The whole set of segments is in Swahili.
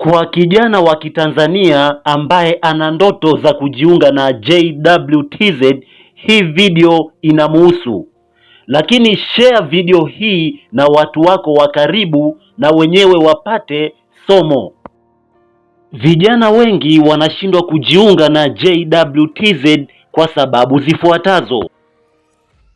Kwa kijana wa Kitanzania ambaye ana ndoto za kujiunga na JWTZ, hii video inamuhusu, lakini share video hii na watu wako wa karibu na wenyewe wapate somo. Vijana wengi wanashindwa kujiunga na JWTZ kwa sababu zifuatazo.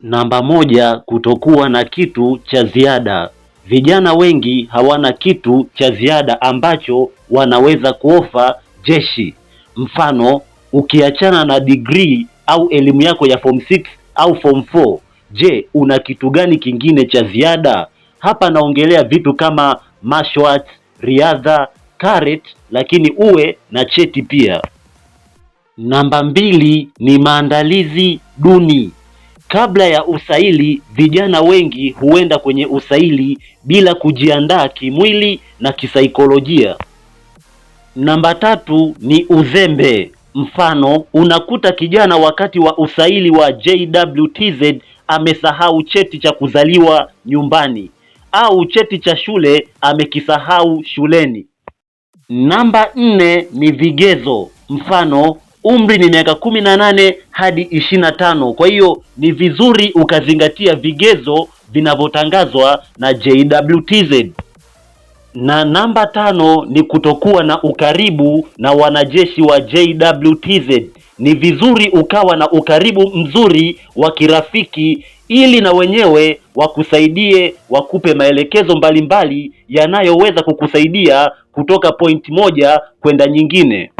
Namba moja, kutokuwa na kitu cha ziada. Vijana wengi hawana kitu cha ziada ambacho wanaweza kuofa jeshi. Mfano, ukiachana na degree au elimu yako ya form 6 au form 4, je, una kitu gani kingine cha ziada? Hapa naongelea vitu kama martial arts, riadha, karet, lakini uwe na cheti pia. Namba mbili ni maandalizi duni. Kabla ya usaili, vijana wengi huenda kwenye usaili bila kujiandaa kimwili na kisaikolojia. Namba tatu ni uzembe. Mfano, unakuta kijana wakati wa usaili wa JWTZ amesahau cheti cha kuzaliwa nyumbani au cheti cha shule amekisahau shuleni. Namba nne ni vigezo. Mfano, umri ni miaka kumi na nane hadi ishirini na tano. Kwa hiyo ni vizuri ukazingatia vigezo vinavyotangazwa na JWTZ. Na namba tano ni kutokuwa na ukaribu na wanajeshi wa JWTZ. Ni vizuri ukawa na ukaribu mzuri wa kirafiki ili na wenyewe wakusaidie, wakupe maelekezo mbalimbali yanayoweza kukusaidia kutoka point moja kwenda nyingine.